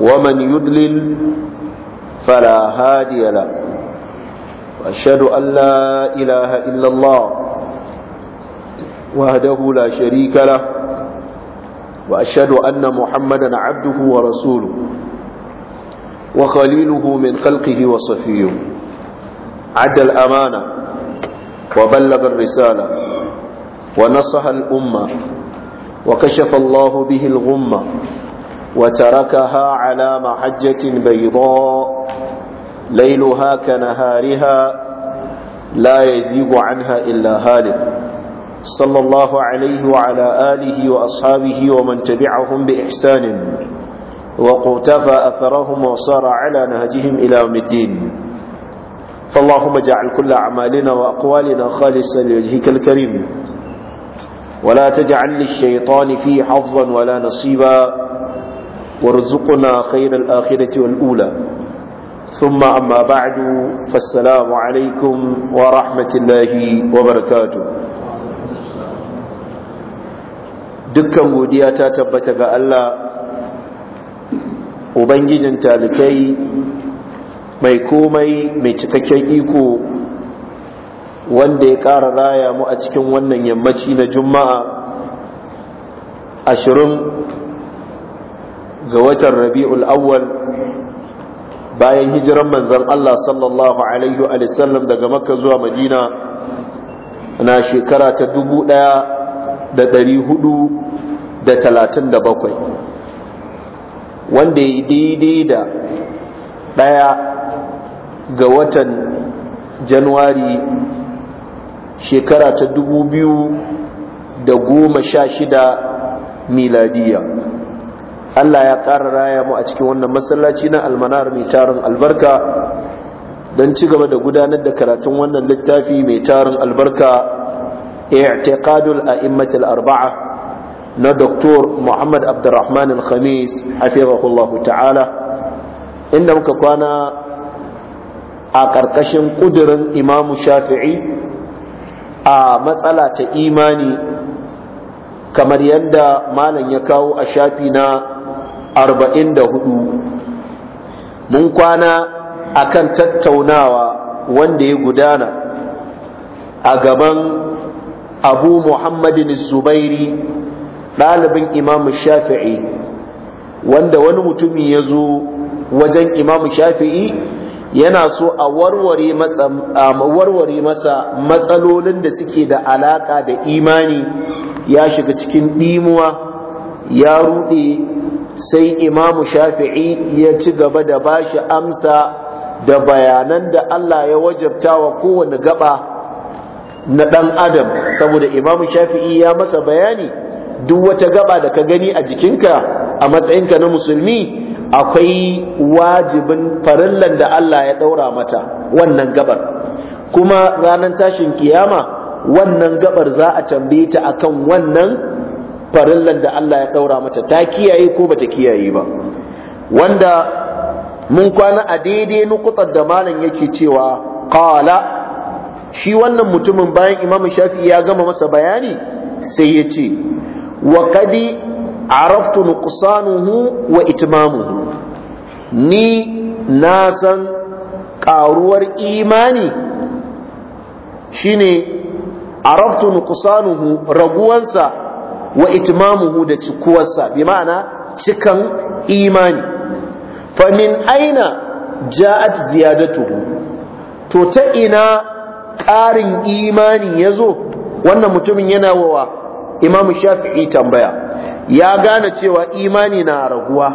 ومن يدلل فلا هادي له وأشهد أن لا إله إلا الله وهده لا شريك له وأشهد أن محمدا عبده ورسوله وخليله من خلقه وصفيه عد الأمانة وبلغ الرسالة ونصح الأمة وكشف الله به الغمة وتركها على محجة بيضاء ليلها كنهارها لا يزيب عنها إلا هالك صلى الله عليه وعلى آله وأصحابه ومن تبعهم بإحسان وقتفى أثرهم وصار على نهجهم إلى يوم الدين فاللهم اجعل كل أعمالنا وأقوالنا خالصا لوجهك الكريم ولا تجعل للشيطان فيه حظا ولا نصيبا وارزقنا خير الآخرة والأولى ثم أما بعد فالسلام عليكم ورحمة الله وبركاته dukkan godiya ta tabbata ga Allah ubangijin talikai mai komai mai cikakken iko wanda ya ƙara raya mu a cikin wannan yammaci na juma'a ashirin ga watan rabi'ul awwal bayan hijiran manzan Allah sallallahu alaihi wa sallam daga makka zuwa madina na shekara ta 1437 wanda ya daidai da daya ga watan januwari shekara ta 2016 miladiya Allah ya ƙara raya mu a cikin wannan masallaci na almanar mai tarin albarka don ci gaba da gudanar da karatun wannan littafi mai tarin albarka i'tiqadul a'immatul arba'a na Dr. Muhammad Abdurrahman Al-Khamis hafizahullahu ta'ala inda muka kwana a ƙarƙashin ƙudurin Imam Shafi'i a matsala ta imani kamar yadda malam ya kawo a shafi na arba'in da hudu mun kwana a kan tattaunawa wanda ya gudana a gaban abu muhammadin zubairi ɗalibin imamu shafi'i wanda wani mutumi ya zo wajen imamu shafi'i yana so a warware masa matsalolin da suke da alaka da imani ya shiga cikin ɗimuwa ya ruɗe sai imamu shafi'i ya ci gaba da ba shi amsa da bayanan da Allah ya wajabta wa kowane gaba na ɗan adam saboda imamu shafi'i ya masa bayani duk wata gaba da ka gani a jikinka a matsayinka na musulmi akwai wajibin farillan da Allah ya ɗaura mata wannan gabar kuma ranar tashin kiyama wannan gabar za a tambaye ta akan wannan farillan da Allah ya ɗaura mata ta kiyaye ko bata kiyaye ba wanda mun kwana a daidai nukutar da malam yake cewa qala shi wannan mutumin bayan imamu shafi ya gama masa bayani sai ya ce wa kadi araftu nuqsanuhu wa itmamuhu ni na san karuwar imani shine araftu nuqsanuhu raguwansa wa itmamuhu da cikuwarsa bi ma'ana cikan imani fa min aina ja'at ziyadatuhu to ta ina ƙarin imani yazo wannan mutumin yana wawa imam shafi'i tambaya ya gane cewa imani na raguwa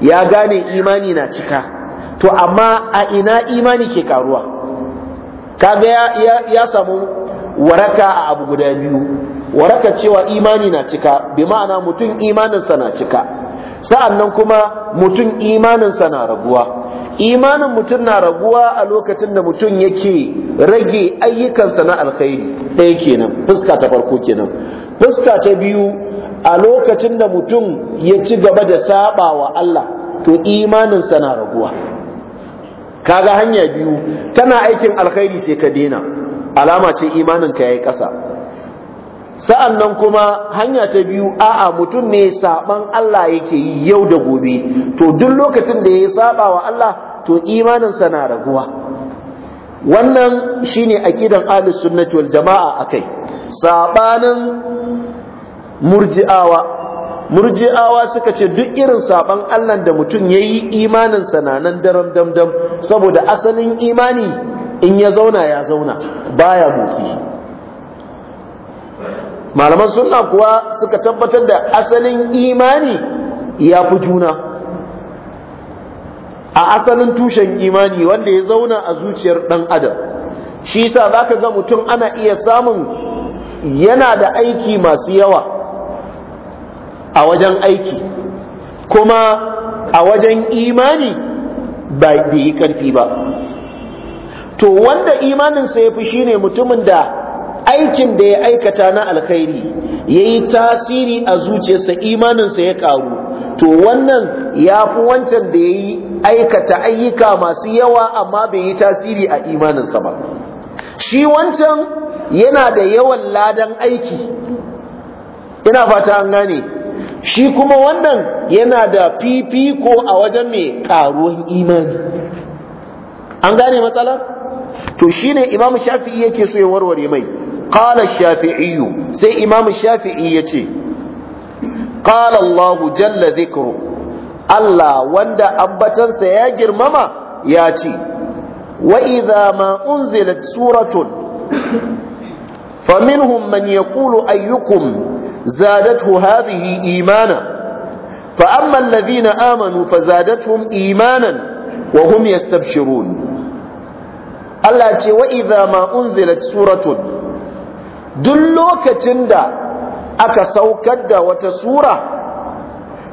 ya gane imani na cika to amma a ina imani ke karuwa kaga ya, ya, ya samu waraka a abu guda biyu waraka cewa imani na cika bi ma'ana mutum imaninsa na cika sa'annan kuma mutum imaninsa na raguwa imanin mutum na raguwa a lokacin da mutum yake rage ayyukansa na alkhairi ɗaya kenan fuska ta farko kenan fuska ta biyu a lokacin da mutum ya ci gaba da saba wa Allah to imaninsa na raguwa kaga hanya biyu tana aikin alkhairi sai ka daina alama ce imaninka yayi ƙasa sa'an nan kuma hanya ta biyu a'a mutum ne saɓan Allah yake yi yau da gobe to duk lokacin da ya saɓa wa Allah to imaninsa na raguwa wannan shine akidan ahlus sunnati jama'a jama'a kai. saɓanin murji'awa murji'awa suka ce duk irin saban Allah da mutum ya yi imaninsa na nan daram damdam saboda asalin imani in ya zauna ya zauna baya motsi malaman sunna kuwa suka tabbatar da asalin imani ya fi juna a asalin tushen imani wanda ya zauna a zuciyar ɗan adam shi yasa za ka ga mutum ana iya samun yana da aiki masu yawa a wajen aiki kuma a wajen imani ba yi ƙarfi ba to wanda imaninsa ya fi shi ne mutumin da aikin da ya aikata na alkhairi yayi tasiri a zuciyarsa imaninsa ya karu to wannan ya fi wancan da yayi aikata ayyuka masu yawa amma bai yi tasiri a imaninsa ba shi wancan yana da yawan ladan aiki ina fata an gane shi kuma wannan yana da fifiko a wajen mai karuwan imani an gane matsala to shine imamu shafi'i yake so ya warware mai qala shafi'iyu sai imamu shafi'i yace qala Allah jalla zikru. Allah wanda ambatansa ya girmama ya ce wa idha ma unzilat suratun faminhum man yaqulu ayyukum zadathu hadhihi imana فأما الذين آمنوا فزادتهم إيمانا وهم يستبشرون الله ce وإذا ما أنزلت suratun. duk lokacin da aka saukar da wata sura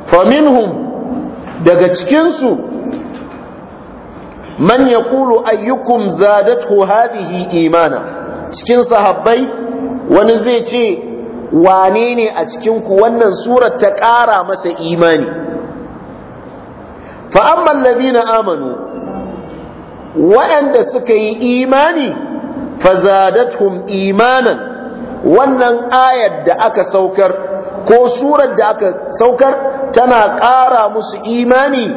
faminhum daga cikinsu man ya kulu ayyukum zadatu hadhihi imana cikin sahabbai wani zai ce wane ne a cikinku wannan surar ta ƙara masa imani fa'amman labina amanu waɗanda suka yi imani fazadathum imanan wannan ayar da aka saukar ko surar da aka saukar tana ƙara musu imani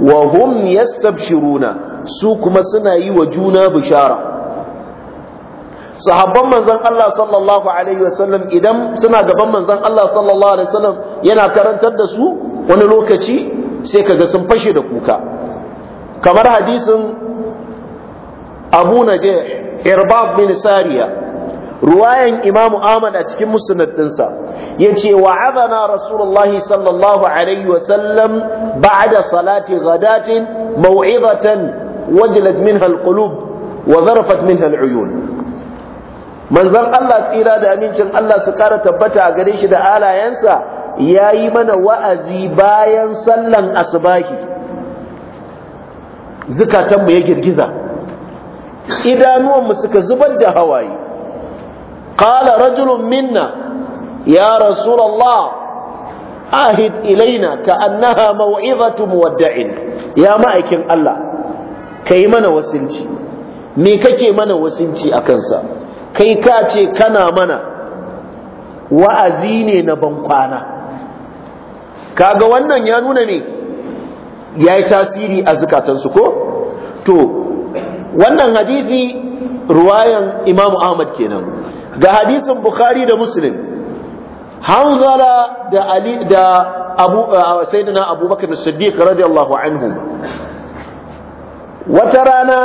wa hum yastabshiruna su kuma suna yi wa juna bishara sahabban manzon Allah sallallahu alaihi wasallam idan suna gaban manzon Allah sallallahu alaihi wasallam yana karantar da su wani lokaci sai kaga sun fashe da kuka kamar hadisin Abu Najih Irbab bin Sariya ruwayan Imam Ahmad a cikin musnad dinsa yace wa'adana Rasulullah sallallahu alaihi wa sallam ba'da salati ghadatin maw'izatan wajilat minha alqulub wa zarafat minha aluyun manzon Allah tsira da amincin Allah su kara tabbata a gare shi da alayensa yayi mana wa'azi bayan sallan asbahi zukatanmu ya girgiza idanuwanmu suka zubar da hawaye qala rajulun minna ya rasulullah ahid ilaina ka annaha maw'izatu muwadda'in ya ma'aikin Allah kai mana wasinci me kake mana wasinci a kansa kai ka ce kana mana wa'azi ne na bankwana kaga wannan ya nuna ne ya yi tasiri a zukatansu ko to wannan hadisi ruwayan imamu ahmad kenan ga hadisin bukhari da muslim hanzala da ali da abu uh, sayyidina abubakar as-siddiq radiyallahu anhu wata rana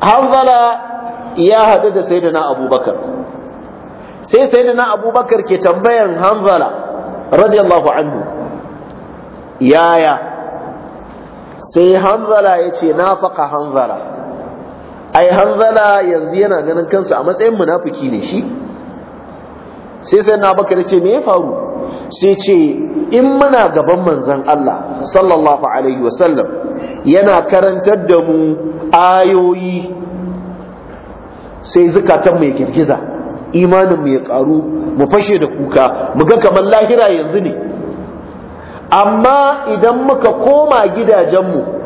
hanzala ya hadu da sayyidina abubakar sai sayyidina abubakar ke tambayan hanzala radiyallahu anhu yaya sai hanzala yace nafaka hanzala ai hanzala yanzu yana ganin kansa a matsayin munafiki ne shi sai sai na bakar ce me ya faru sai ce in muna gaban manzon Allah sallallahu alaihi wasallam yana karantar da mu ayoyi sai zukatan ya girgiza imanin mu ya karu mu fashe da kuka mu ga kamar lahira yanzu ne amma idan muka koma gidajenmu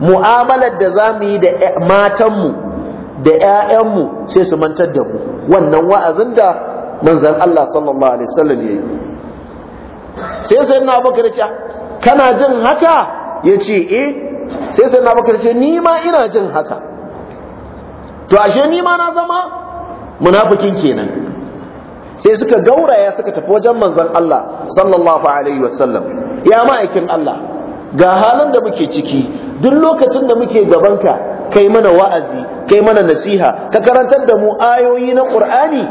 mu'amalar da za mu yi da matanmu da 'ya'yanmu sai su mantar da mu wannan wa'azin da manzan Allah sallallahu alaihi wasallam ya yi sai sai na bakar ce kana jin haka ya ce eh sai sai na da ce ni ma ina jin haka to ashe ni ma na zama munafikin kenan sai suka gauraya suka tafi wajen manzan Allah sallallahu alaihi wasallam ya ma'aikin Allah ga halin da muke ciki duk lokacin da muke gabanka kai mana wa'azi kai mana nasiha ka karantar da mu ayoyi na qur'ani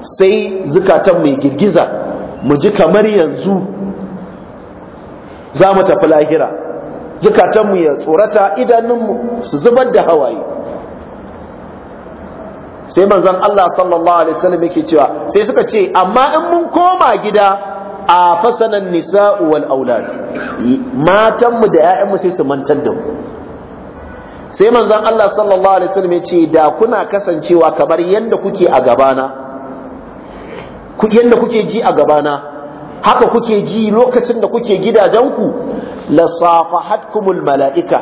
sai zukatan mai girgiza mu ji kamar yanzu za mu tafi lahira zukatanmu ya tsorata idanunmu su zubar da hawaye sai manzon Allah sallallahu alaihi wasallam yake cewa sai suka ce amma in mun koma gida a fasanan nisa wal aulad matanmu da 'ya'yanmu sai su mantar da mu sai manzon Allah sallallahu alaihi wasallam ya ce da kuna kasancewa kamar yanda kuke a gabana yanda kuke ji a gabana haka kuke ji lokacin da kuke gidajenku la safahatkumul mala'ika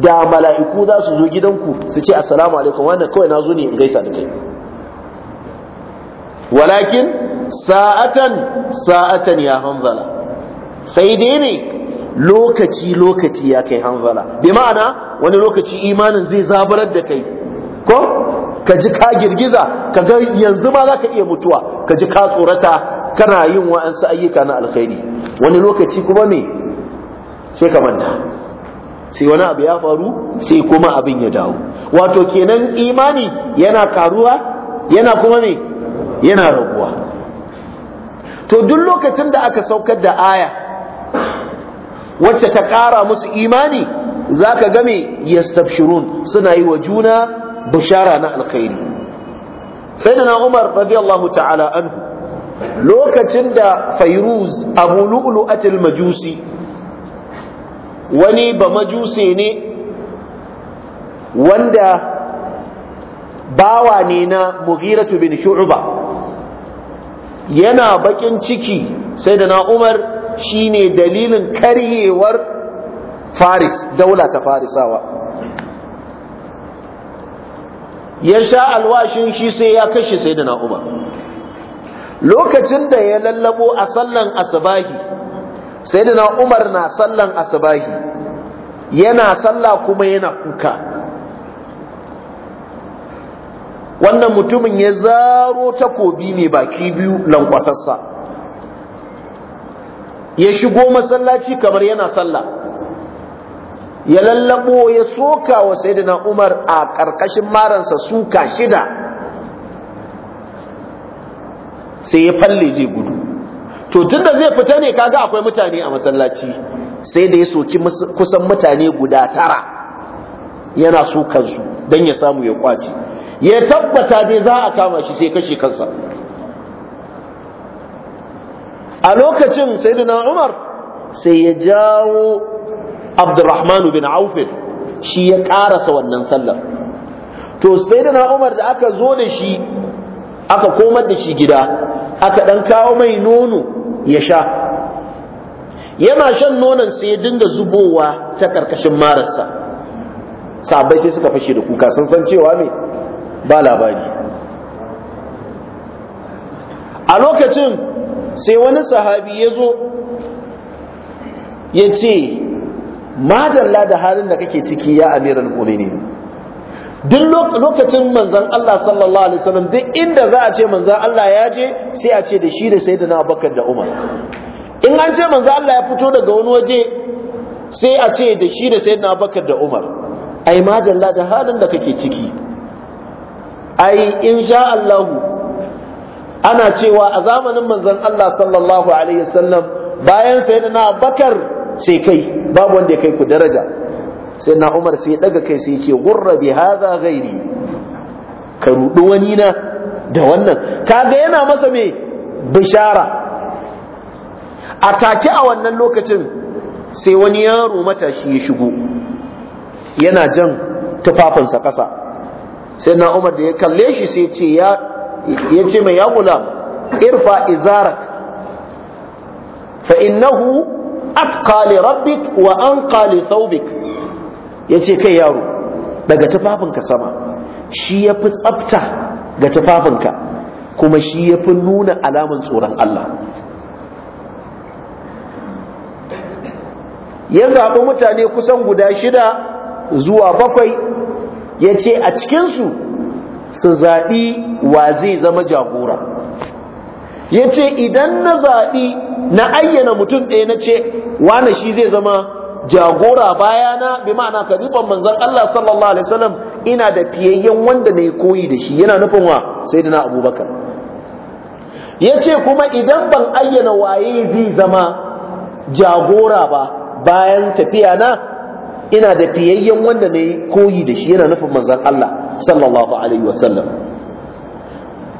da mala'iku za su zo gidanku su ce assalamu alaikum wannan kawai na zo ne in gaisa da kai walakin sa'atan sa'atan ya hanzala sai dai ne lokaci lokaci ya kai hanzala bi ma'ana wani lokaci imanin zai zabarar da kai ko ka ji ka girgiza ka ga yanzu ma za ka iya mutuwa ka ji ka tsorata kana yin wa'ansu ayyuka na alkhairi wani lokaci kuma me sai ka manta sai wani abu ya faru sai kuma abin ya dawo wato kenan imani yana karuwa yana kuma ne yana raguwa to duk lokacin da aka saukar da aya wacce ta ƙara musu imani za ka game yastabshirun suna yi wa juna bishara na alkhairi sai da na umar radiyallahu ta'ala anhu lokacin da fairuz abu lu'lu'atul majusi wani ba majusi ne wanda bawa ne na mughiratu bin shu'uba yana bakin ciki sai da na umar shine dalilin karyewar faris daula ta farisawa ya sha alwashin shi sai ya kashe sai da na umar lokacin da ya lallabo a sallan asibahi sai da na umar na sallan asibahi yana sallah kuma yana kuka wannan mutumin ya zaro takobi mai baki biyu lankwasassa ya shigo masallaci kamar yana sallah ya lallabo ya soka wa saidina Umar a ƙarƙashin maransa suka shida sai ya falle zai gudu to tunda zai fita ne kaga akwai mutane a masallaci sai da ya soki kusan mutane guda tara yana sokansu don ya samu ya kwace ya tabbata dai za a kama shi sai kashe kansa a lokacin sayyidina Umar sai ya jawo Abdurrahman bin Auf shi ya karasa wannan sallar to sayyidina Umar da aka zo da shi aka komar da shi gida aka dan kawo mai nono ya sha yana shan nonon sai ya dinga zubowa ta karkashin marasa, sabai sai suka fashe da kuka sun san cewa me ba labari a lokacin sai wani sahabi ya zo ya ce majalla da halin da kake ciki ya amiral mu'minin duk lokacin manzan Allah sallallahu alaihi wasallam duk inda za a ce manzan Allah ya je sai a ce da shi da da Abubakar da Umar in an ce manzan Allah ya fito daga wani waje sai a ce da shi da da Abubakar da Umar yi madalla da halin da kake ciki ai in sha Allahu ana cewa a zamanin manzon Allah sallallahu alaihi wasallam bayan sayyidina Bakar sai kai babu wanda ya kai ku daraja sayyidina Umar sai daga kai sai ce gurra bi hadha ghairi ka rudu wani na da wannan kaga yana masa me bishara A take a wannan lokacin sai wani yaro matashi ya shigo yana jan tufafinsa kasa sai na umar da ya kalle shi sai ce ya ce mai ya irfa izarak fa innahu atqali rabbik wa anqali thawbik yace kai yaro daga tufafinka sama shi yafi tsafta ga tufafinka kuma shi yafi nuna alaman tsoron Allah ya zaɓi mutane kusan guda shida zuwa bakwai ya ce a cikinsu su zaɓi wa zai zama jagora ya ce idan na zaɓi na ayyana mutum ɗaya na ce wane shi zai zama jagora bayana bi ma'ana karifan manzan Allah sallallahu alaihi wasallam ina da fiyayyen wanda na yi koyi da shi yana nufin wa sai da na abubakar ya ce kuma idan ban ayyana waye zai zama jagora ba bayan tafiya na ina da fiyayyen wanda na yi koyi da shi yana nufin manzan Allah sallallahu alaihi sallam.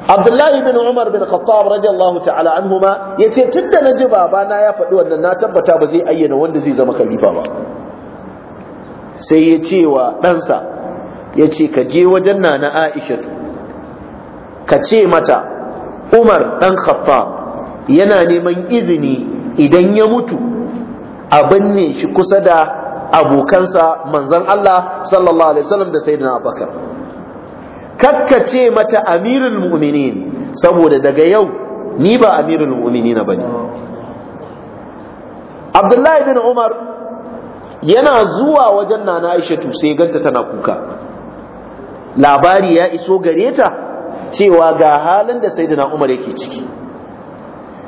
Abdullahi bin Umar bin Khattab radiyallahu ta'ala anhuma yace tunda na ji babana ya faɗi wannan na tabbata ba zai ayyana wanda zai zama khalifa ba sai ya ce wa ɗansa ya ce ka je wajen na na Aisha ka ce mata Umar ɗan Khattab yana neman izini idan ya mutu a binne shi kusa da abokansa manzon Allah sallallahu alaihi wasallam da sayyidina Abubakar kakkace mata amirul mu'minin saboda daga yau ni ba amirul mu'minin bane Abdullahi bin Umar yana zuwa wajen nana Aishatu sai ganta tana kuka labari ya iso gare ta cewa ga halin da sayyidina Umar yake ciki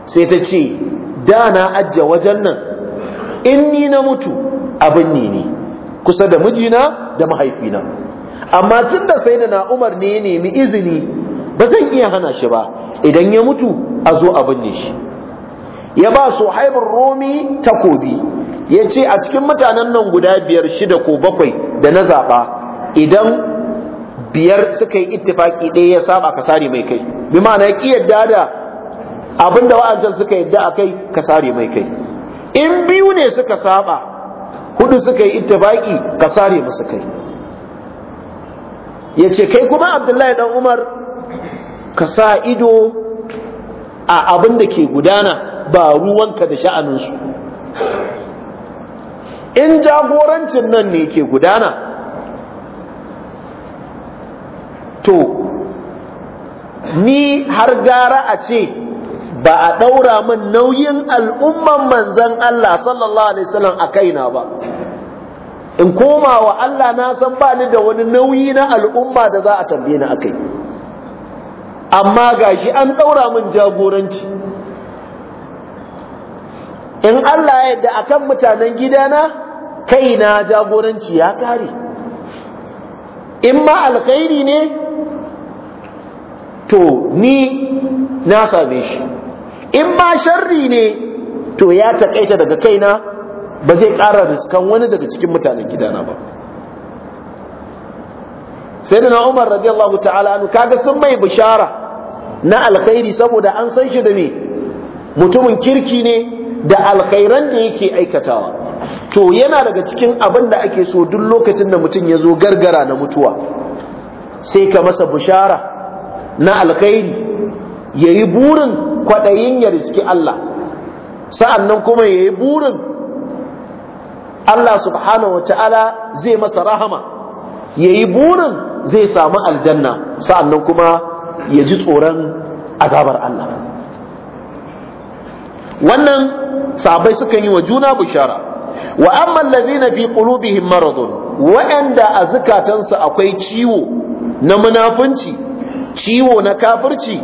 sai ta ce da na ajje wajen nan in ni na mutu abin ne ne kusa da mijina da mahaifina amma tun da sai da na umar ne nemi izini ba zan iya hana shi ba idan ya mutu a zo abin ne shi ya ba su haibin romi takobi ya ce a cikin mutanen nan guda biyar shida ko bakwai da na zaɓa idan biyar suka yi ittifaki ɗaya ya saba ka sare mai kai bi mana ya ƙi yadda da abinda wa'ancan suka yadda a kai ka sare mai kai in biyu ne suka saba hudu suka yi ittifaki ka sare musu kai ya ce kai kuma abdullahi dan umar ka sa ido a abin da ke gudana ba ruwanka da sha'aninsu in jagorancin nan ne ke gudana to ni har gara a ce ba a ɗaura min nauyin al'umman manzan Allah sallallahu alaihi wasallam a kaina ba in koma wa Allah na san ba ni da wani nauyi na al'umma da za a tambaye ni akai amma gashi an ɗaura min jagoranci in Allah ya yarda akan mutanen gidana kaina jagoranci ya kare in ma alkhairi ne to ni na same shi in ba sharri ne to ya takaita daga kaina ba zai ƙara riskan wani daga cikin mutanen gidana ba sai da na umar radiyallahu ta'ala anu kaga sun mai bishara na alkhairi saboda an san shi da me mutumin kirki ne da alkhairan da yake aikatawa to yana daga cikin abin da ake so duk lokacin da mutum ya zo gargara na mutuwa sai ka masa bishara na alkhairi ya yi burin kwaɗayin ya riski Allah nan kuma ya yi burin Allah subhanahu wa ta'ala zai masa rahama ya yi burin zai samu aljanna nan kuma ya ji tsoron azabar Allah wannan sabai suka yi wa juna bishara wa amma allazina fi qulubihim maradun waɗanda a zukatansu akwai ciwo na munafunci ciwo na kafirci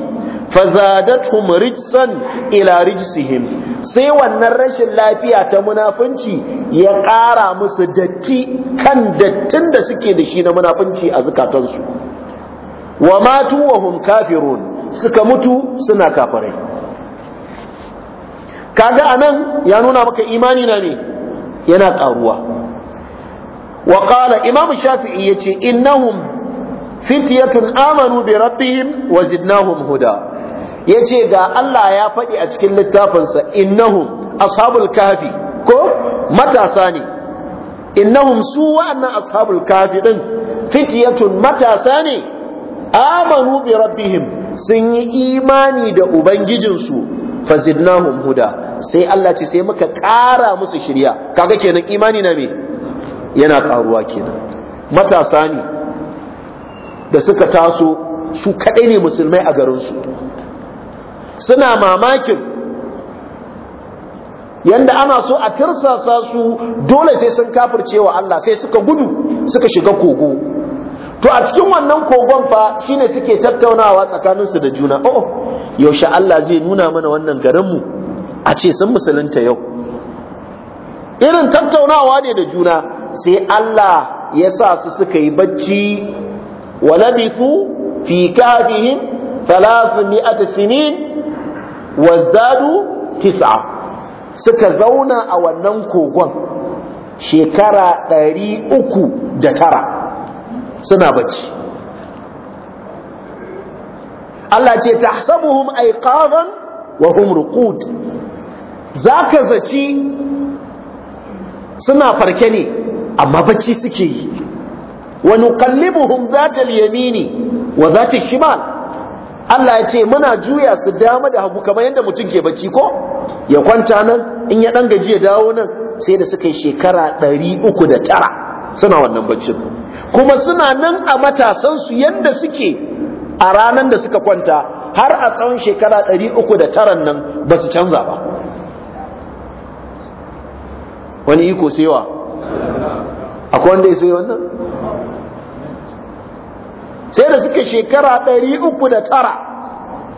fazadatuhum rijsan ila rijsihim sai wannan rashin lafiya ta munafunci ya ƙara musu datti kan dattin da suke da shi na munafunci a zukatansu wa matu wa hum kafirun suka mutu suna kafirai kaga anan ya nuna maka imani na ne yana ƙaruwa wa qala imam shafi'i yace innahum fitiyatun amanu bi rabbihim wa zidnahum huda ya ce ga Allah ya faɗi a cikin littafinsa innahum ashabul kafi ko matasa ne innahum su wa'annan ashabul kafi din fitiyatun matasa ne amanu bi rabbihim sun yi imani da ubangijinsu fazidnahum huda sai Allah ce sai muka ƙara musu shirya kaga kenan imani na me yana ƙaruwa kenan matasa ne da suka taso su kaɗai ne musulmai a garinsu suna mamakin yanda ana so a tirsasa su dole sai sun kafirce wa Allah sai suka gudu suka shiga kogo to a cikin wannan kogon fa shine suke tattaunawa tsakaninsu da juna oh yaushe Allah zai nuna mana wannan garinmu a ce sun musulunta yau irin tattaunawa ne da juna sai Allah ya sa su suka yi bacci wa labifu fi kafihim 300 sinin wazdadu tis'a suka zauna a wannan kogon shekara ɗari uku da tara suna bacci Allah ce tahsabuhum aiqadan wa hum ruqud zaka zaci suna farke ne amma bacci suke yi wa nuqallibuhum zata al-yamini wa zata al-shimal Allah ya ce muna juya su dama da hagu kamar yadda mutum ke bacci ko ya kwanta nan in ya dan gaji ya dawo nan sai da suka yi shekara ɗari uku da tara suna wannan baccin kuma suna nan a matasan su yadda suke a ranan da suka kwanta har a tsawon shekara ɗari uku da taran nan ba su canza ba wani iko sewa akwai wanda ya sai wannan sai da suke shekara ɗari uku da tara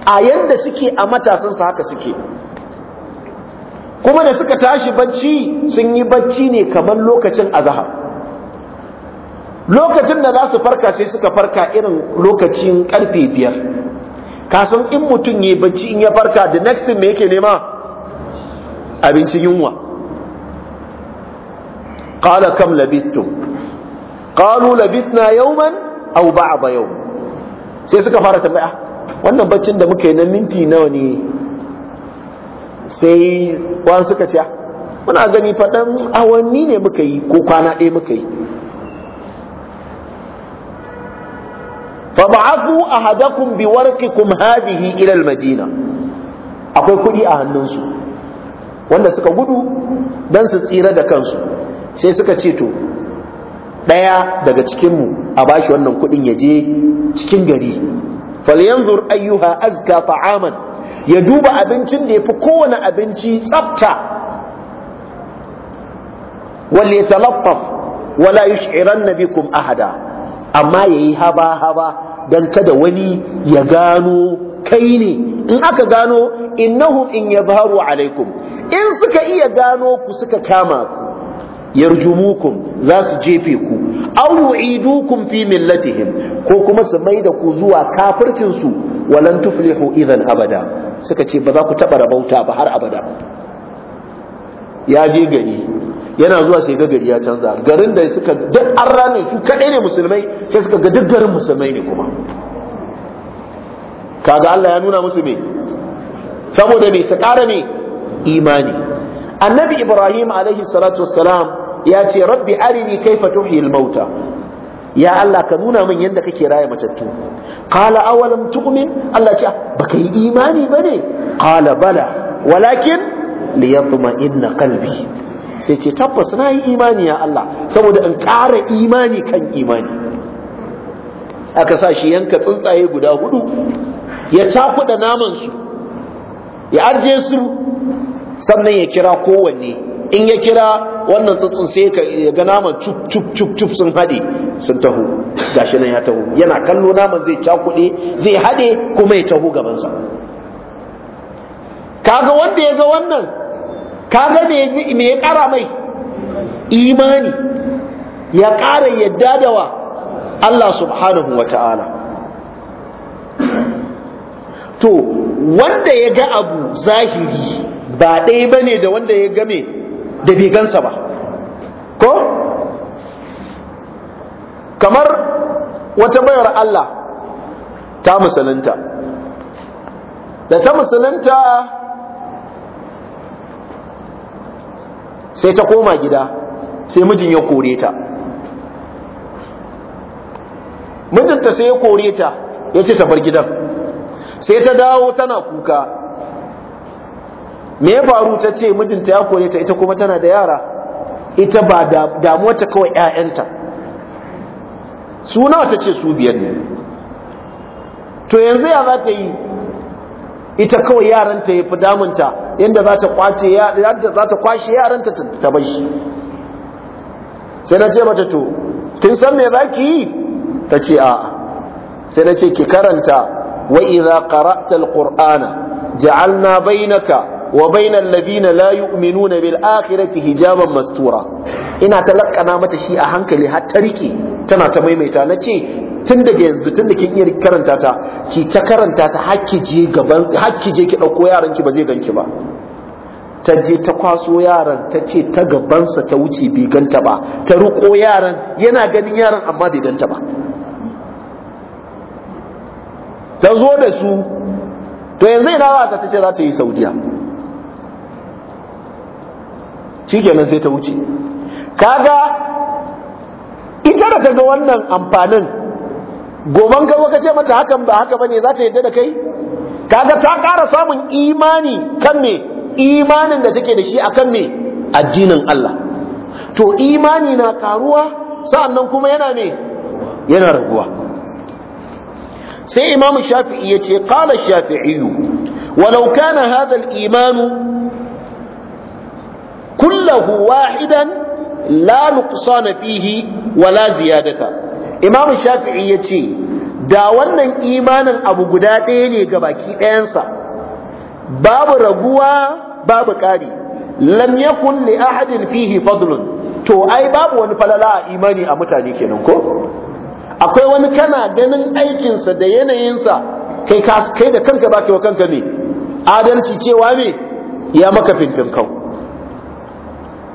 a yanda suke a matasansu haka suke kuma da suka tashi bacci sun yi bacci ne kamar lokacin a azahar lokacin da za su farka sai suka farka irin lokacin karfe biyar kasan in mutum ya bacci in ya farka da next thing me yake nema abincin yunwa Ƙala kam labistum qalu yau man. aw ba yau sai suka fara tambaya ah, wannan baccin da muka na minti nawa ne sai wani suka ce ah, muna gani faɗan awanni ne muka yi ko kwana ɗaya muka yi fab'athu ahadakum biwarqikum hadhihi ila madina, akwai kuɗi a hannunsu wanda suka gudu dan su tsira da kansu sai suka ce to ɗaya daga cikinmu a bashi wannan kuɗin ya je cikin gari falyanzur ayyuha azka ta'aman ya duba abincin da ya fi kowane abinci tsafta wal yatalaffaf wala yush'iranna bikum ahada amma yayi haba haba dan kada wani ya gano kai ne in aka gano innahum in yadharu alaikum in suka iya gano ku suka kama ku yarjumukum za su jefe ku aw yu'idukum fi millatihim ko kuma su maida ku zuwa kafircin su walan tuflihu idan abada suka ce ba za ku taba rabauta ba har abada ya je gari yana zuwa sai ga gari ya canza garin da suka duk an rame su kadai ne musulmai sai suka ga duk garin musulmai ne kuma kaga Allah ya nuna musu me saboda me su kara ne imani annabi ibrahim alaihi salatu wassalam ya ce rabbi arini kaifa tuhyil mauta ya Allah ka nuna min yadda kake raya matattu qala awalam tu'min Allah ce ah, baka yi imani bane qala bala walakin liyatma'inna qalbi sai ce tabbas na yi imani ya Allah saboda in ƙara imani kan imani aka sa shi yanka tsuntsaye guda hudu ya cakuɗa naman su ya arje su sannan ya kira kowanne in ya kira wannan tsuntsun sai ka ga naman cuk cuk cuk sun hade sun taho gashi nan ya taho yana kallo naman zai cakuɗe zai hade kuma ya taho gabansa kaga wanda ya ga wannan kaga me me ya ƙara mai imani ya ƙara yadda da wa Allah subhanahu wataala to wanda ya ga abu zahiri ba ɗaya ba da wanda ya game da bigansa ba ko kamar wata bayar Allah ta musulunta da ta musulunta sai ta koma gida sai mijin ya kore ta mijinta sai ya kore ta ya ce ta bar gidan sai ta dawo tana kuka me ya faru ta ce mijinta ya kore ta ita kuma tana da yara ita ba damuwa ta kawai 'ya'yanta suna ta ce su biyar ne to yanzu ya za ta yi ita kawai yaranta ya fi damunta yadda za ta kwace yadda za ta kwashe yaranta ta bai shi sai na ce mata to kin san me za ki yi ta ce a'a sai na ce ki karanta wa idza qara'ta alqur'ana ja'alna bainaka wa bainal ladina la yu'minuna bil akhirati hijaban mastura ina talakana mata shi a hankali har ta rike tana ta maimaita nace tun daga yanzu tun da kin iya karanta ta ki ta karanta ta hakki je gaban hakki je ki dauko yaran ki ba zai ganki ba ta je ta kwaso yaran ta ce ta gabansa ta wuce bi ganta ba ta riko yaran yana ganin yaran amma bai ganta ba ta zo da su to yanzu ina za ta ce za ta yi saudiya shikenan sai ta wuce kaga ita da kaga wannan amfanin goban ka ka ce mata hakan ba haka bane za ta yadda da kai kaga ta kara samun imani kan me imanin da take da shi akan me addinin Allah to imani na karuwa sa'annan kuma yana ne yana raguwa sai imamu shafi'i yace ce qala shafi'i walau kana hadha al-imanu كله واحدا la نقصان fihi wala زيادة imam shafi'i yace da wannan imanin abu guda ɗaya ne ga baki ɗayansa babu raguwa babu ƙari lam yakun li ahadin fihi fadlun to ai babu wani falala a imani a mutane kenan ko akwai wani kana ganin aikinsa da yanayinsa kai kai da kanka baki wa kanka me adalci cewa me ya maka fintin kau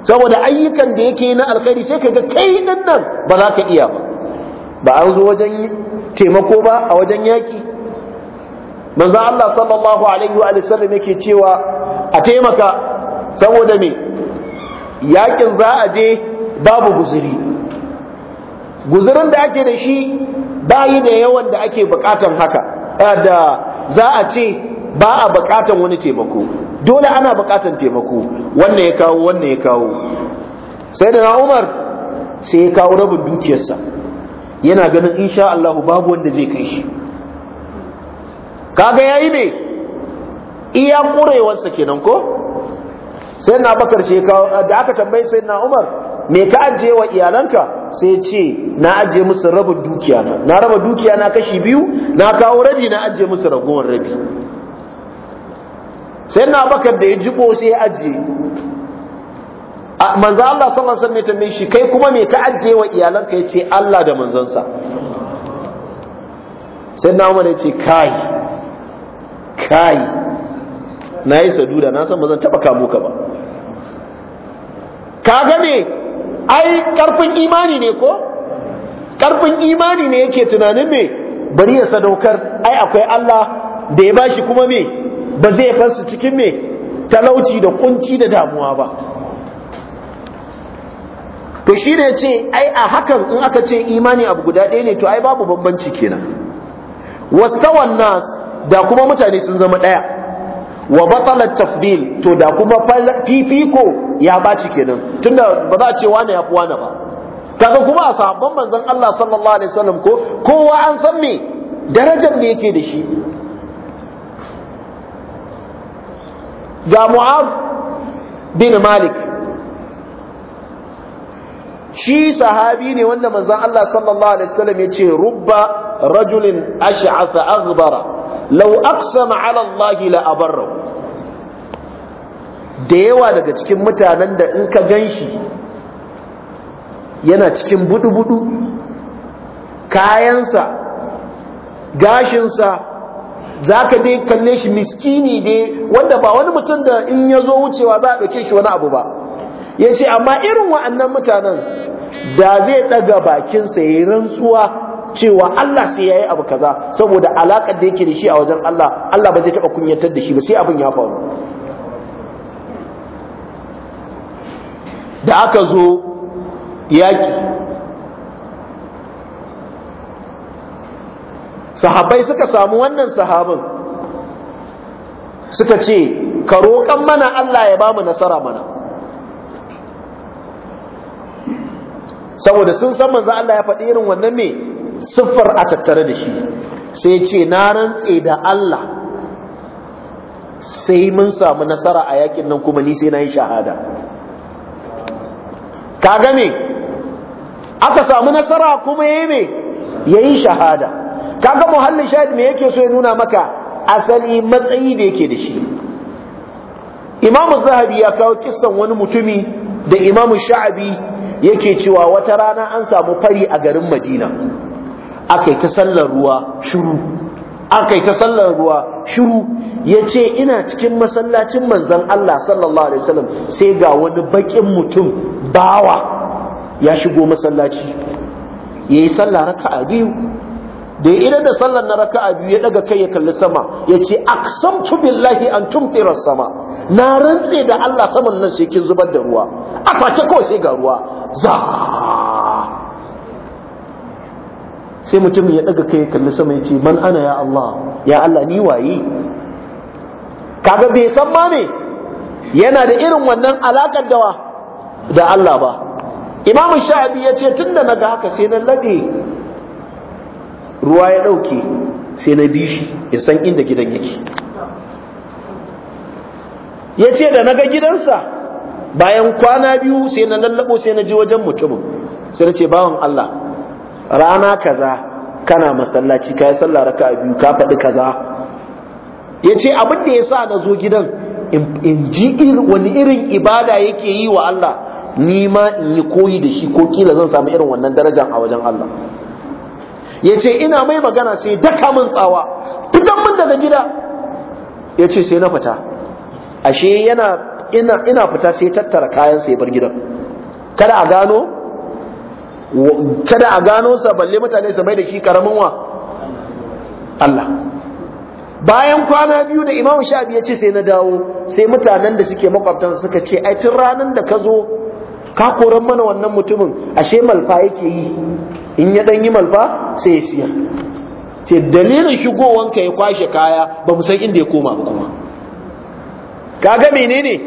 saboda ayyukan da yake na alkhairi sai ka ga kai din nan ba za ka iya ba ba an zo wajen taimako ba a wajen yaki manzo Allah sallallahu alaihi wa sallam yake cewa a taimaka saboda me yakin za a je babu guzuri guzurin da ake da shi bayi da yawan da ake bukatan haka eh, da za a ce ba a bukatan wani taimako dole ana bukatan taimako wannan ya kawo wannan ya kawo sai da na umar sai ya kawo rabin dukiyarsa yana ganin insha Allah babu wanda zai kai shi kaga yayi ne iya kurewarsa kenan ko sai na bakar shi da aka tambayi sai na umar me ka ajiye wa iyalanka sai ya ce na ajiye musu rabin dukiya na na raba dukiya na kashi biyu na kawo rabi na ajiye musu ragowar rabi sai na bakar da ya jibo sai ya ajiye manzo Allah sallallahu alaihi wasallam ya tambaye shi kai kuma me ka ajiye wa iyalanka yace Allah da manzansa sai na Umar yace kai kai na yi saduda na san ba zan taba kamo ka ba ga ne? ai karfin imani ne ko karfin imani ne yake tunanin me bari ya sadaukar ai akwai Allah da ya bashi kuma me ba zai fasu cikin mai talauci da kunci da damuwa ba to shi ne ce ai a hakan in aka ce imani abu guda ɗaya ne to ai babu bambanci kenan wastawan nas da kuma mutane sun zama ɗaya wa batalar tafdil to da kuma fifiko ya baci kenan tunda ba za a ce wane ya fi wane ba kaga kuma a sahabban manzon Allah sallallahu alaihi wasallam ko kowa an san me darajar da yake da shi ga mu'ab bin malik shi sahabi ne wanda manzon Allah sallallahu alaihi wasallam ya ce rubba rajulin ash'atha aghbara lau aqsama ala Allah la abarra da yawa daga cikin mutanen da in ka ganshi yana cikin budu-budu kayansa gashinsa za ka dai kalle shi miskini dai, wanda ba wani mutum da in ya zo wucewa za a ɗauke shi wani abu ba ya ce amma irin wa'annan mutanen da zai ɗaga bakinsa ya yi rantsuwa cewa Allah sai ya yi abu kaza saboda alaƙar da yake da shi a wajen Allah Allah ba zai taɓa kunyatar da shi ba sai abin ya faru da aka zo yaƙi sahabbai suka samu wannan sahabin suka ce ka roƙan mana Allah ya ba mu nasara mana saboda sun san manzo Allah ya faɗi irin wannan mai siffar a tattare da shi sai ce na rantse da Allah sai mun samu nasara a yakin nan kuma ni sai na yi shahada ka game aka samu nasara kuma ya yi shahada kaga muhallin shahid me yake so ya nuna maka asali matsayi da yake da shi imam zahabi ya kawo kissan wani mutumi da imam sha'abi yake cewa wata rana an samu fari a garin madina akai ta sallar ruwa shuru akai ta sallar ruwa shiru yace ina cikin masallacin manzon Allah sallallahu alaihi wasallam sai ga wani bakin mutum bawa ya shigo masallaci yayi sallah raka'a biyu da idan da sallar na raka'a biyu ya daga kai ya kalli sama ya ce aksamtu billahi an tumtira sama na rantse da Allah saman nan sai kin zubar da ruwa a take kawai sai ga ruwa za sai mutumin ya daga kai ya kalli sama ya ce man ana ya Allah ya Allah ni waye kaga bai san ma me yana da irin wannan alakar dawa da Allah ba imam shafi ya ce tunda naga haka sai na lade ruwa ya ɗauke sai na bi shi ya san inda gidan yake ya ce da na ga gidansa bayan kwana biyu sai na lallabo sai na ji wajen mutumin sai na ce bawan Allah rana kaza kana masallaci ka yi sallah raka biyu ka faɗi kaza ya ce abin ya sa na zo gidan in ji wani irin ibada yake yi wa Allah ni ma in yi koyi da shi ko kila zan samu irin wannan darajar a wajen Allah ya ce ina mai magana sai daka min tsawa fitan min daga gida ya ce sai na fita ashe yana ina fita sai tattara kayan sai bar gidan kada a gano kada a gano sa balle mutane su mai da shi karamin wa Allah bayan kwana biyu da imamu shaabi ya ce sai na dawo sai mutanen da suke makwabtan suka ce ai tun ranar da ka zo ka koran mana wannan mutumin ashe malfa yake yi in ya ɗan yi malfa sai ya siyar ce dalilin shigowanka ya kwashe kaya ba mu san inda ya koma ba kuma kaga menene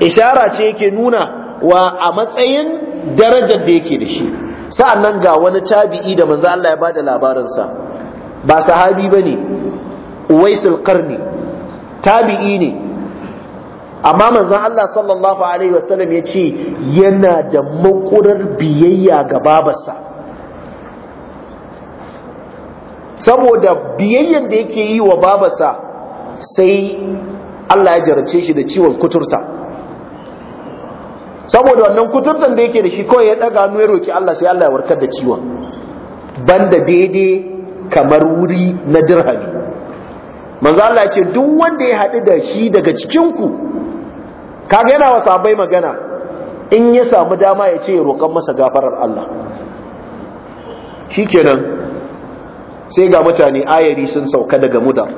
ishara ce yake nuna wa a matsayin darajar da yake da shi nan ga wani tabi'i da manzo Allah ya bada labarinsa ba sahabi bane Uwaisul Qarni tabi'i ne amma manzon Allah sallallahu alaihi wasallam ya ce yana da makurar biyayya ga babarsa saboda biyayyen da yake yi wa babasa, sai Allah ya jarace shi da ciwon kuturta saboda wannan kuturtan da yake da shi kawai ya daga hannu ya roki Allah sai Allah ya warkar da ciwon banda daidai kamar wuri na dirhami manzo Allah ya ce duk wanda ya haɗu da shi daga cikin ku kaga yana wa sahabbai magana in ya samu dama ya ce ya roƙan masa gafarar Allah shikenan sai ga mutane ayari sun sauka daga mudar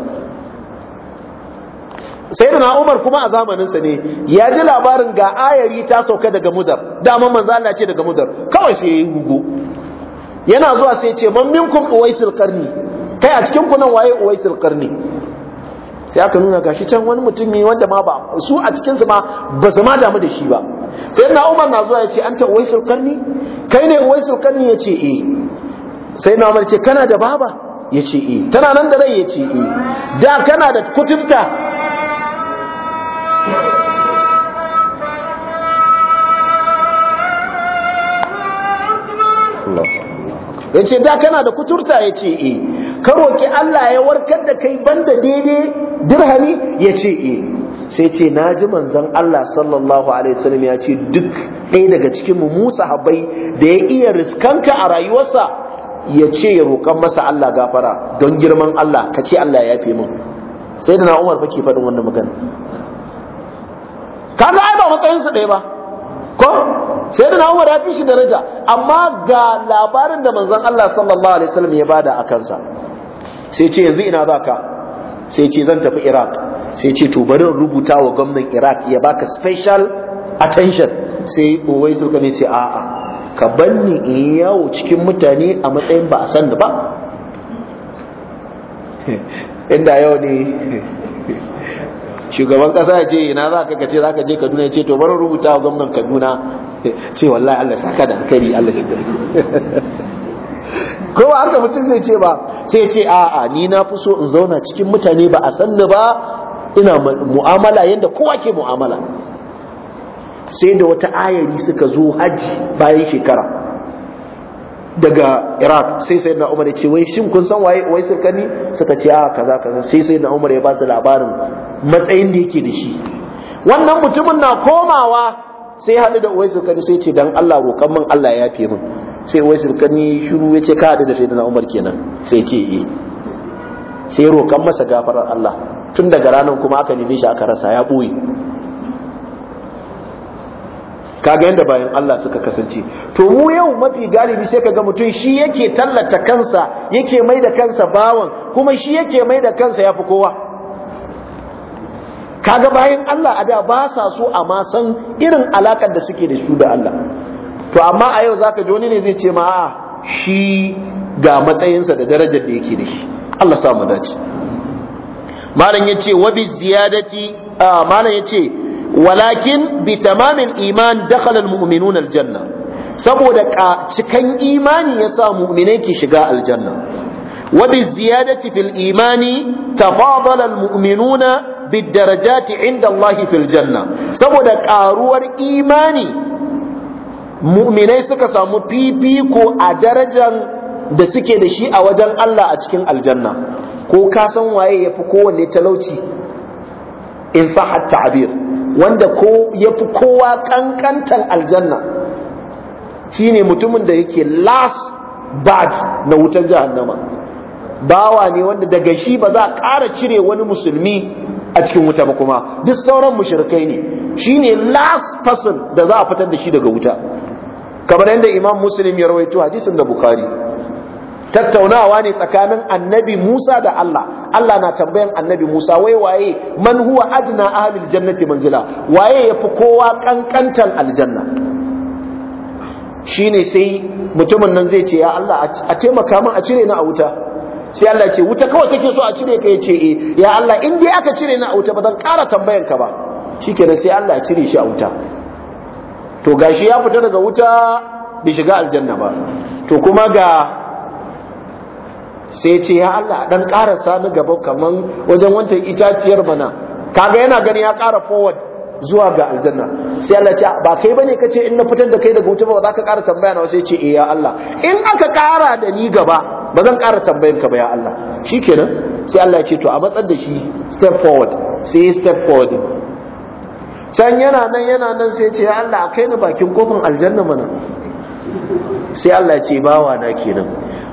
da Umar kuma a zamaninsa ne ya ji labarin ga ayari ta sauka daga mudar damar manzana ce daga mudar kawai sai ya yi gugu yana zuwa sai ce man uwai uwaisul qarni kai a cikin ku nan waye uwai qarni sai aka nuna gashi can wani mutum ne wanda ma ba su a cikin zama ba su ma damu da shi ba na Umar na zuwa ya ce anta uwaisul qarni kai ne uwai qarni ya ce eh na Umar ce kana da baba ya ce e tana nan da rai ya ce e da kana da kutufta ya ce da kana da kuturta ya ce e ka roƙi Allah ya warkar da kai banda daidai dirhami ya ce e sai ce na ji manzan Allah sallallahu alaihi wasallam ya ce duk ɗaya daga cikin mummusa haɓai da ya iya riskanka a rayuwarsa ya ce ya roƙan masa Allah gafara don girman Allah ka ce Allah ya yafe min sai da na Umar fa ke faɗin wannan magana Ka ai ba matsayinsa ɗaya ba ko sai da na Umar ya fi shi daraja amma ga labarin da manzon Allah sallallahu alaihi wasallam ya bada a kansa sai ce yanzu ina zaka sai ce zan tafi Iraq sai ce to bari in rubuta wa gwamnan Iraq ya baka special attention sai Uwaisul Kani ce a'a ka banni in yawo cikin mutane a matsayin ba a san da ba inda yau ne shugaban kasa ya ce ina za ka kace za ka je kaduna ya ce to bari rubuta wa gwamnan kaduna ce wallahi allah saka da alkari allah shi ko ba haka mutum zai ce ba sai ya ce a'a ni na fi so in zauna cikin mutane ba a san ni ba ina mu'amala yadda kowa ke mu'amala sai da wata ayari suka zo haji bayan shekara daga iraq sai sai na umar ya ce wai shin kun san waye wai sulkani suka ce a kaza kaza sai sai na umar ya ba su labarin matsayin da yake da shi wannan mutumin na komawa sai hadu da wai sulkani sai ce dan Allah roƙan min Allah ya yafe min sai wai sulkani shiru ya ce ka hadu da sai na umar kenan sai ce eh sai roƙan masa gafarar Allah tun daga ranar kuma aka nemi shi aka rasa ya boye kaga yadda bayan Allah suka kasance to mu yau mafi galibi sai kaga mutum shi yake tallata kansa yake mai da kansa bawan kuma shi yake mai da kansa yafi kowa kaga bayan Allah a da ba sa so a ma san irin alakar da suke da su da Allah to amma a yau zaka ji wani ne zai ce ma a shi ga matsayinsa da darajar da yake da shi Allah sa mu dace malam yace wa bi ziyadati malam yace walakin bi tamamin iman dakhala almu'minuna aljanna saboda cikan imani yasa mu'minai ke shiga aljanna wa bi ziyadati fil imani tafadala almu'minuna بالدرجات عند الله fil janna saboda karuwar imani mu'minai suka samu fifiko a darajar da suke da shi a wajen Allah a cikin aljanna ko ka san waye yafi kowanne talauci in sahat ta'bir wanda ko fi kowa kankantan aljanna shine mutumin da yake last bad na wutar jahannama bawa ne wanda daga shi ba za a ƙara cire wani musulmi a cikin wuta ba kuma duk sauran mushrikai ne shi ne last person da za a fitar da shi daga wuta kamar yadda imam muslim ya rawaito hadisin da bukhari tattaunawa ne tsakanin annabi Musa da Allah Allah na tambayan annabi Musa wai waye man huwa adna ahlil jannati manzila waye yafi kowa kankantan aljanna shine sai mutumin nan zai ce ya Allah a taimaka min a cire ni a wuta sai Allah ce wuta kawai kake so a cire ka yace eh ya Allah in dai aka cire ni a wuta ba zan ƙara tambayan ka ba shikenan sai Allah ya cire shi a wuta to gashi ya fita daga wuta bai shiga aljanna ba to kuma ga sai ce ya Allah dan karasa ni gaba kaman wajen wancan itaciyar bana kaga yana gani ya kara forward zuwa ga aljanna sai Allah ce ba kai bane kace in na fitar da kai daga wuta ba za ka kara tambaya na sai ce eh ya Allah in aka kara da ni gaba ba zan kara tambayan ka ba ya Allah shikenan sai Allah ya ce to a matsar da shi step forward sai step forward can yana nan yana nan sai ce ya Allah a kai ni bakin kofin aljanna mana sai Allah ce bawa na kenan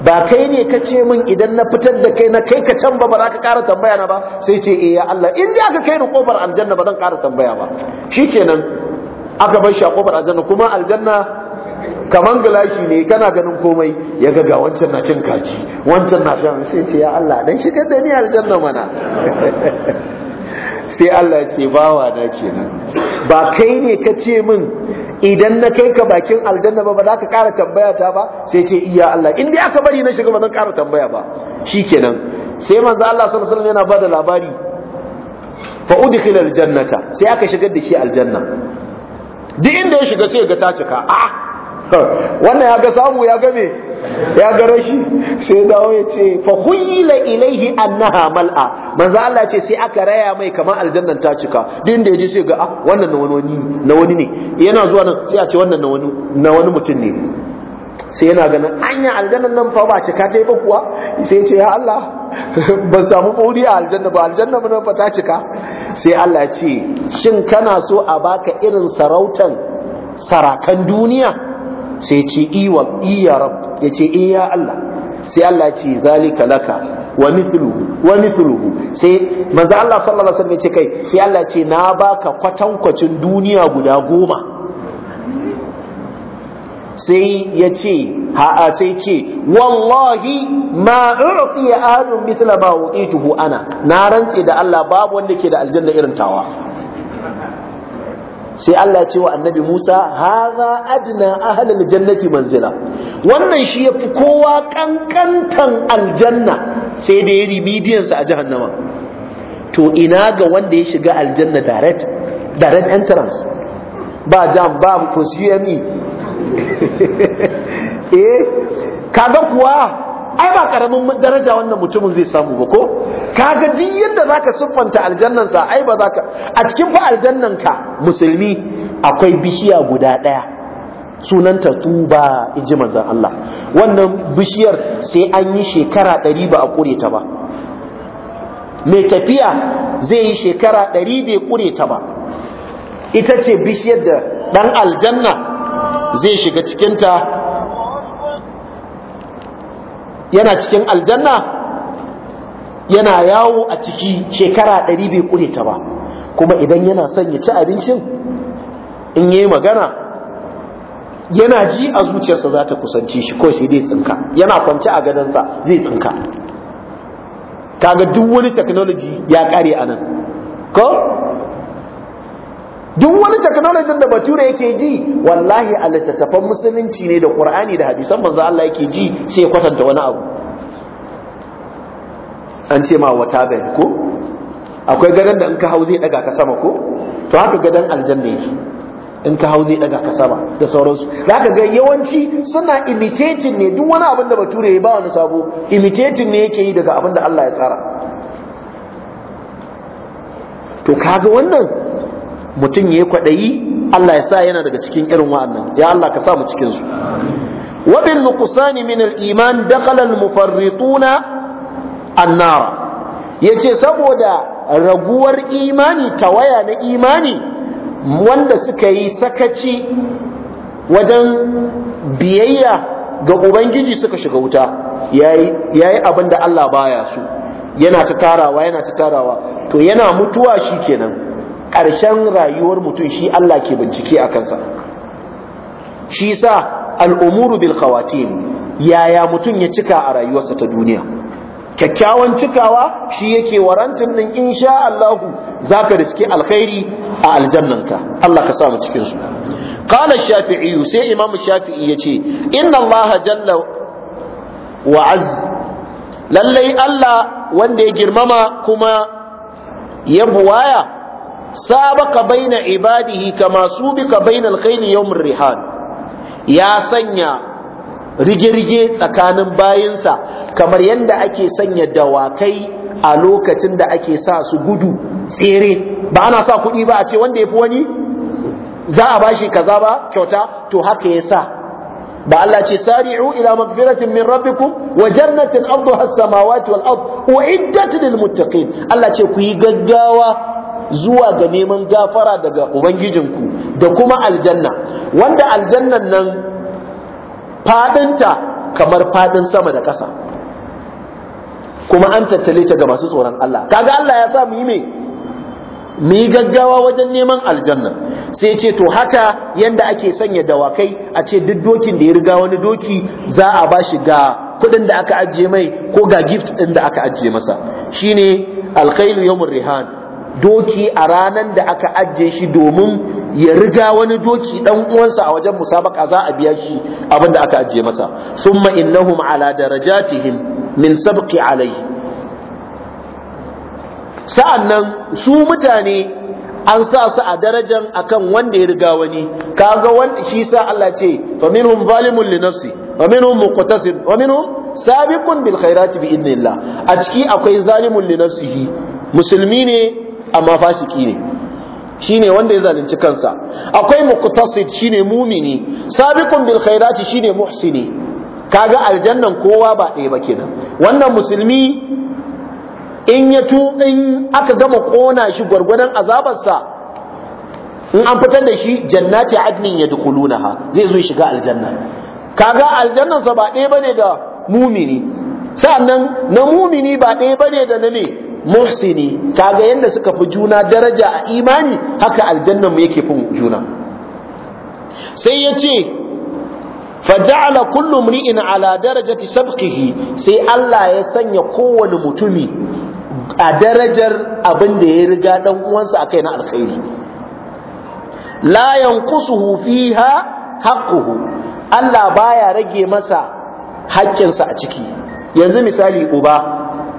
ba kai ne ka ce min idan na fitar da kai na kai ka can ba ba za ka ƙara tambaya na ba sai ce eh ya Allah in aka kai ni kofar aljanna ba zan ƙara tambaya ba shikenan aka bar shi a kofar aljanna kuma aljanna kaman gilashi ne kana ganin komai ya ga ga wancan na cin kaji wancan na shan sai ce ya Allah dan shigar da ni aljanna mana sai Allah ce bawa na kenan ba kai ne ka ce min idan na kai ka bakin aljanna ba ba za ka ƙara tambaya ta ba sai ce iya Allah in dai aka bari na shiga ba zan ƙara tambaya ba shi shikenan sai manzo Allah sallallahu alaihi wasallam yana bada labari fa udkhila aljannata sai aka shigar da shi aljanna duk inda ya shiga sai ga ta cika a'a wannan ya ga samu ya ga me ya ga rashi sai dawo ya ce fa khuyila ilaihi annaha mal'a manzo Allah ce sai aka raya mai kamar aljannan ta cika din da yaji sai ga ah wannan na wani na wani ne yana zuwa nan sai a ce wannan na wani na wani mutum ne sai yana ganin anya aljannan nan fa ba cika ta yi ba kuwa sai ya ce ya Allah ban samu buri a aljanna ba aljanna mun fa ta cika sai Allah ya ce shin kana so a baka irin sarautan sarakan duniya sai ce iwa iya rab ya ce iya eh, Allah sai Allah ce zalika laka wa mithluhu wa mithluhu sai manzo Allah sallallahu alaihi wasallam ya ce kai sai Allah ce na baka kwatankwacin duniya guda goma sai ya ce a sai ce wallahi ma u'tiya adu mithla ba u'tituhu ana na rantse da Allah babu wanda ke da aljanna irin tawa sai Allah ya ce wa annabi Musa haza adna ahlul jannati manzila wannan shi yafi kowa kankantan aljanna sai da ya remedian sa a jahannama to ina ga wanda ya shiga aljanna direct direct entrance ba jam ba ko CME eh kaga kuwa ai ba karamin daraja wannan mutumin zai samu ba ko Ka kaga duk yadda ka siffanta aljannan sa ai ba zaka a cikin fa aljannan ka musulmi akwai bishiya guda daya sunanta tuba inji manzon Allah wannan bishiyar sai an yi shekara 100 ba a kure ta ba mai tafiya zai yi shekara 100 bai kure ta ba ita ce bishiyar da dan aljanna zai shiga cikinta yana cikin aljanna yana yawo a ciki shekara ɗari bai ƙure ta ba kuma idan yana son ya ci abincin in yi magana yana ji a zuciyarsa za ta kusanci shi ko sai dai tsinka yana kwance a gadon sa zai tsinka kaga duk wani technology ya kare a nan ko duk wani technology da bature yake ji wallahi a littattafan musulunci ne da qur'ani da hadisan manzo Allah yake ji sai ya kwatanta wani abu an ce ma wata bai ko akwai gadon da in ka hau zai daga ka sama ko to haka gadon aljanna yake in ka hau zai daga ka sama da sauransu zaka ga yawanci suna imitating ne duk wani abin da bature ya ba wani sabo imitating ne yake yi daga abin da Allah ya tsara to kaga wannan mutum ya kwaɗayi Allah ya sa yana daga cikin irin wa'annan ya Allah ka sa mu cikin su wa bil nuqsan min al iman dakhala al mufarrituna annara yace saboda raguwar imani tawaya na imani wanda suka yi sakaci wajen biyayya ga ubangiji suka shiga wuta yayi abin da Allah baya su yana ta tarawa yana ta tarawa to yana mutuwa shi kenan ƙarshen rayuwar mutum shi Allah ke bincike a kansa shi sa al'umuru bil khawatin yaya mutum ya cika a rayuwarsa ta duniya kyakkyawan cikawa shi yake warantin din insha allahu zaka riske alkhairi a aljannanka Allah ka sa mu cikin su qala shafi'i sai imam shafi'i yace inna Allah jalla wa lallai Allah wanda ya girmama kuma ya buwaya sabaka baina ibadihi kama subika baina alkhayli yawm rihan ya sanya rige-rige tsakanin bayinsa kamar yadda ake sanya dawakai a lokacin da ake sa su gudu tsere ba ana sa kuɗi ba a ce wanda ya fi wani za a bashi kaza ba kyauta to haka ya sa ba Allah ce sari'u ila magfiratin min rabbikum wa jannatin ardu has samawati wal ard uiddat lil muttaqin Allah ce ku yi gaggawa zuwa ga neman gafara daga ubangijinku da kuma aljanna wanda aljannan nan fadinta kamar fadin sama da ƙasa kuma an tattale ta ga masu tsoron Allah kaga Allah ya sa mu yi me mu yi gaggawa wajen neman aljanna sai ce to haka yanda ake sanya dawakai a ce duk dokin da ya riga wani doki za a ba shi ga kuɗin da aka ajiye mai ko ga gift ɗin da aka ajiye masa shine alkhailu yawmur rihan doki a ranan da aka ajiye shi domin ya riga wani doki dan uwansa a wajen musabaka za a biya shi abinda aka ajiye masa summa innahum ala darajatihim min sabqi alaihi sa'annan su mutane an sa su a darajan akan wanda ya riga wani kaga wanda shi sa Allah ce fa minhum zalimun li nafsi wa minhum muqtasim wa minhum sabiqun bil khairati bi idnillah a ciki akwai zalimun li nafsihi musulmi ne amma fasiki ne shine wanda ya zalunci kansa akwai muqtasid shine mumini sabiqun bil khairati shine muhsini kaga aljannan kowa ba ɗaya ba kenan wannan musulmi in ya tu in aka gama kona shi gwargwadon azabarsa in an fitar da shi jannati adnin yadkhulunaha zai zo shiga aljanna kaga aljannansa ba ɗaya ne da mumini sa'annan na mumini ba ɗaya ne da na ne muhsini kaga yadda suka fi juna daraja a imani haka aljannan mu yake fi juna sai ya ce faja'ala kullu mri'in ala darajati sabqihi sai Allah ya sanya kowane mutumi a darajar abin da ya riga dan uwansa akai na alkhairi la yanqusuhu fiha haqquhu Allah baya rage masa haƙƙinsa a ciki yanzu misali uba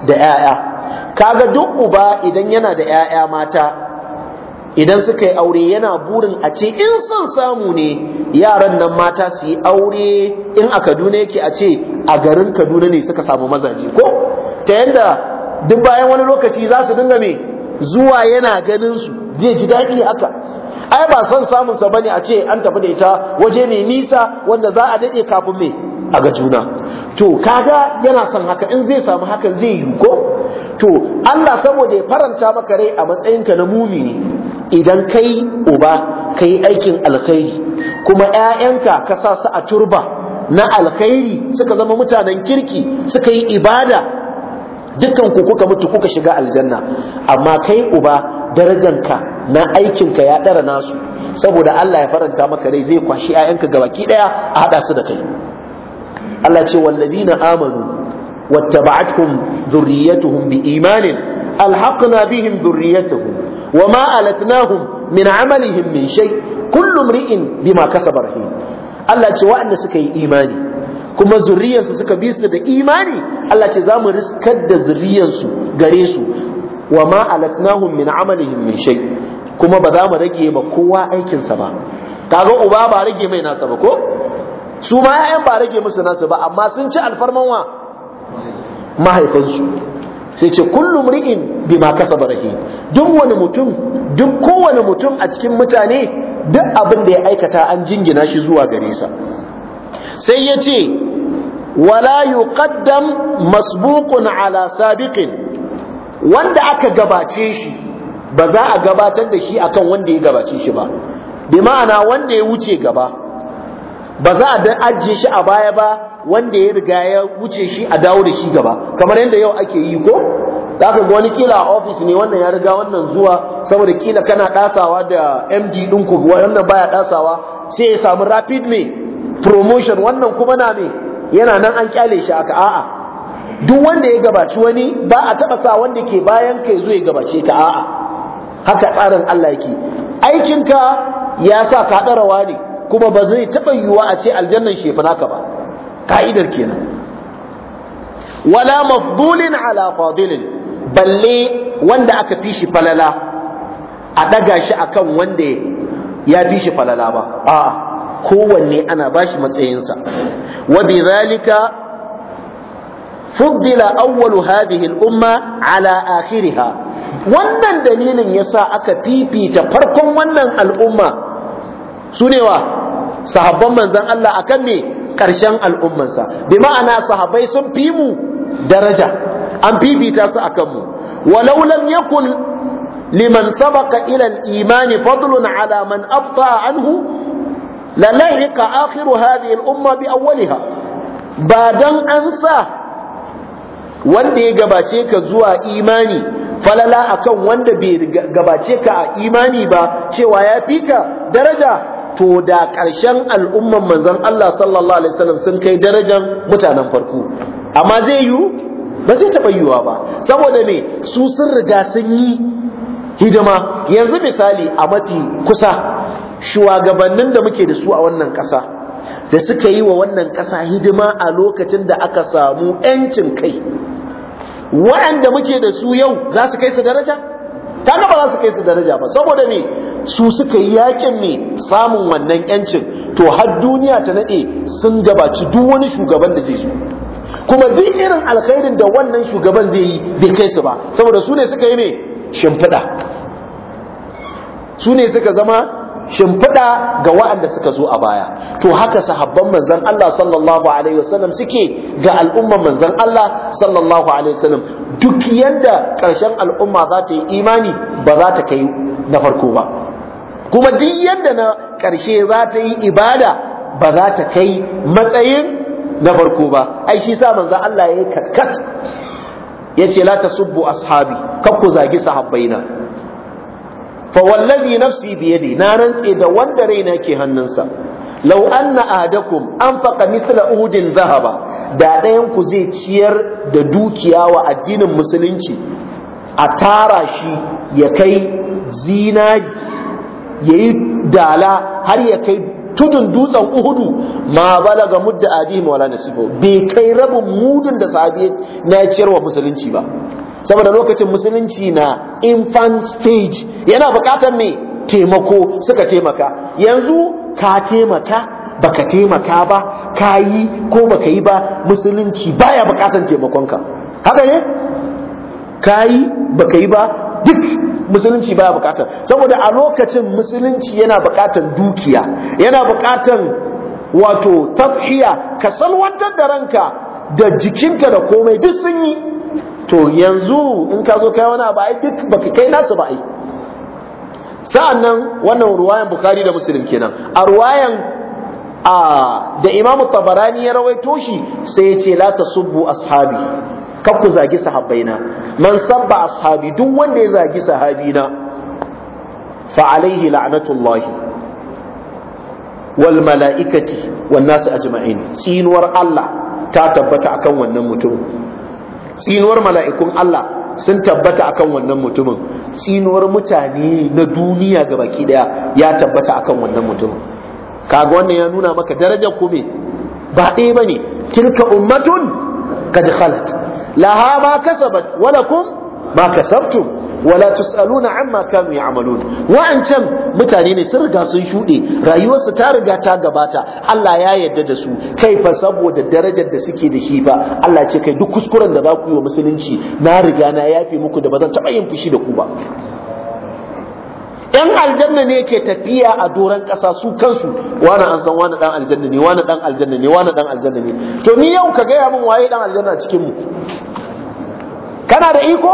da 'ya'ya kaga duk uba idan yana da 'ya'ya mata idan suka yi aure yana burin a ce in son samu ne yaran nan mata su yi aure in a kaduna yake a ce a garin kaduna ne suka samu mazaje ko ta yadda duk bayan wani lokaci za su dinga me zuwa yana ganin su zai ji daɗi haka ai ba son samun sa bane a ce an tafi da ita waje mai nisa wanda za a daɗe kafin me a ga juna to kaga yana son haka in zai samu haka zai yi ko to Allah saboda ya faranta maka rai a matsayinka na mumini idan kai uba kai aikin alkhairi kuma ƴaƴanka ka sa su a turba na alkhairi suka zama mutanen kirki suka yi ibada dukkan ku kuka mutu kuka shiga aljanna amma kai uba darajanka na aikinka ya ɗara nasu saboda Allah ya faranta maka rai zai kwashi 'ya'yanka gabaki ɗaya a haɗa su da kai Allah ce wallazina amanu واتبعتهم ذريتهم بإيمان ألحقنا بهم ذريتهم وما ألتناهم من عملهم من شيء كل امرئ بما كسب رهين الله ce waɗanda suka yi imani kuma zuriyarsu suka bi su da imani Allah ce za mu riskar da zuriyarsu gare su wa ma alatnahum min amalihim min shay kuma ba za mu rage ba kowa aikinsa ba kaga uba ba rage mai nasa ba ko su ma ƴaƴan ba rage musu nasu ba amma sun ci alfarman mahaifinsu sai ce kullum ri'in bima kasaba rahin duk wani mutum duk kowane mutum a cikin mutane duk abin da ya aikata an jingina shi zuwa gare sa sai ya ce wala yuqaddam masbuqun ala sabiqin wanda aka gabace shi ba za a gabatar da shi akan wanda ya gabace shi ba bi ma'ana wanda ya wuce gaba ba za a dan ajiye shi a baya ba wanda ya riga ya wuce shi a dawo da shi gaba kamar yadda yau ake yi ko za ka ga wani kila a ofis ne wannan ya riga wannan zuwa saboda kila kana dasawa da md ku wannan baya dasawa sai ya samu rapid me promotion wannan kuma na me yana nan an kyale shi aka a'a duk wanda ya gabaci wani ba a taba sa wanda ke bayan kai zo ya gabace ka a'a haka tsarin Allah yake aikinka ya sa ka ɗarawa ne kuma ba zai taɓa yiwuwa a ce aljannan shi naka ba ka'idar kenan wala mafdulin ala fadilin balle wanda aka fi shi falala a ɗaga shi akan wanda ya fi shi falala ba a'a kowanne ana bashi matsayinsa wa bi zalika fuddila awwalu hadhihi al-umma ala akhiriha wannan dalilin yasa aka fifita farkon wannan al'umma sunewa sahabban manzon Allah akan me karshen al'ummansa bi ma'ana sahabbai sun fi mu daraja an fifita su akan mu walau lam yakun liman sabaqa ila al-iman fadlun ala man abta anhu la lahiqa akhiru hadhihi al-umma bi awwaliha ba dan an sa wanda ya gabace ka zuwa imani falala akan wanda bai gabace ka a imani ba cewa ya fika daraja to da ƙarshen al'umman manzon Allah sallallahu alaihi wasallam sun kai darajar mutanen farko amma zai yiwu ba zai taɓa yiwuwa ba saboda ne su sun riga sun yi hidima yanzu misali a mafi kusa shugabannin da muke da su a wannan ƙasa da suka yi wa wannan ƙasa hidima a lokacin da aka samu 'yancin kai waɗanda muke da su yau za su kai su daraja? Ta ba za su kai su daraja ba saboda ne. su suka yi yakin mai samun wannan yancin to har duniya ta nade sun gabaci duk wani shugaban da zai zo kuma duk irin alkhairin da wannan shugaban zai yi bai kai su ba saboda su ne suka yi ne shimfiɗa su ne suka zama shimfiɗa ga waɗanda suka zo a baya to haka sahabban manzan Allah sallallahu alaihi wasallam suke ga al'umman manzan Allah sallallahu alaihi wasallam duk yanda ƙarshen al'umma za ta yi imani ba za ta kai na farko ba kuma duk yadda na ƙarshe za ta yi ibada ba za ta kai matsayin na farko ba ai shi sa manzo Allah ya yi katkat ya ce la tasubbu ashabi kar ku zagi sahabbaina fa wallazi nafsi biyadi na rantse da wanda raina ke hannunsa law anna ahadakum anfaqa mithla uhudin zahaba da ɗayan ku zai ciyar da dukiya wa addinin musulunci a tara shi ya kai zinari ya yi dala har ya kai tudun dutsen uhudu ma balaga mudda adihim wala nasibu bai kai rabin mudun da sahabi na ciyarwa musulunci ba saboda lokacin musulunci na infant stage yana bukatar me taimako suka taimaka yanzu ka taimaka baka taimaka ba ka yi ko baka yi ba musulunci baya bukatar ka haka ne ka yi baka yi ba duk musulunci baya bukatar saboda a lokacin musulunci yana bukatar dukiya yana bukatar wato tafiya ka salwantar da ranka da jikinta da komai duk sun yi to yanzu in ka zo kai wani abu ai duk baka kai nasu ba ai sa'annan wannan ruwayan bukhari da muslim kenan a ruwayan a da imam tabarani ya rawaito shi sai ya ce la tasubbu ashabi kar ku zagi sahabbaina man sabba ashabi duk wanda ya zagi sahabina fa alaihi la'natullahi wal mala'ikati wan nas ajma'in tsinuwar Allah ta tabbata akan wannan mutum tsinuwar mala'ikun Allah sun tabbata akan wannan mutumin tsinuwar mutane na duniya ga baki daya ya tabbata akan wannan mutumin kaga wannan ya nuna maka darajar ku ba ɗaya bane tilka ummatun kad khalat laha ma kasabat wa lakum ma kasabtum wala tusaluna amma kanu ya'malun wa'ancan mutane ne sun riga sun shude rayuwarsu ta riga ta gabata Allah ya yarda da su kai fa saboda darajar da suke da shi ba Allah ce kai duk kuskuren da za ku yi wa musulunci na riga na yafe muku da ba zan taɓa yin fushi da ku ba ɗan aljanna ne ke tafiya a doron ƙasa su kansu wani an san wani ɗan aljanna ne wani ɗan aljanna ne wani ɗan aljanna ne to ni yau ka gaya min waye ɗan aljanna cikin mu kana da iko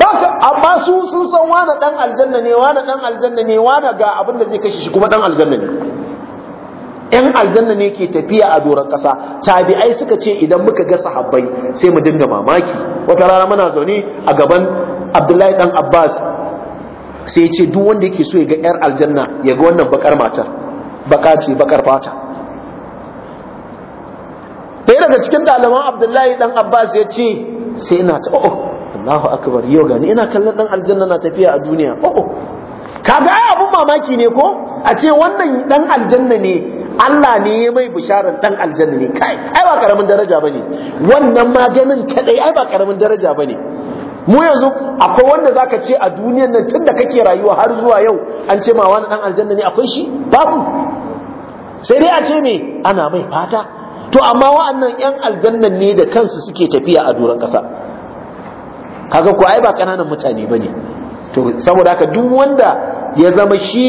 baka amma su sun san wani ɗan aljanna ne wani ɗan aljanna ne wani ga abin da zai kashe shi kuma ɗan aljanna ne ɗan aljanna ne ke tafiya a doron ƙasa tabi'ai suka ce idan muka ga sahabbai sai mu dinga mamaki wata rana muna zaune a gaban abdullahi dan abbas sai ya ce duk wanda yake so ya ga yar aljanna ya ga wannan bakar matar baka ce bakar fata ɗaya daga cikin ɗaliban abdullahi dan abbas ya ce sai ina ta oh, oh allahu akbar yau gani ina kallon dan aljanna na tafiya a duniya oh, oh. kaga ai abun mamaki ne ko a ce wannan dan aljanna ne Allah ne ya mai bisharar ɗan aljanna ne kai ai ba karamin daraja bane wannan maganin kadai ai ba karamin daraja bane mu yanzu akwai wanda zaka ce a duniyan nan tunda kake rayuwa har zuwa yau an ce ma wani dan aljanna ne akwai shi babu sai dai a ce me ana mai fata to amma wa'annan yan aljannan ne da kansu suke tafiya a duran kasa kaga ko ai ba kananan mutane bane to saboda haka duk wanda ya zama shi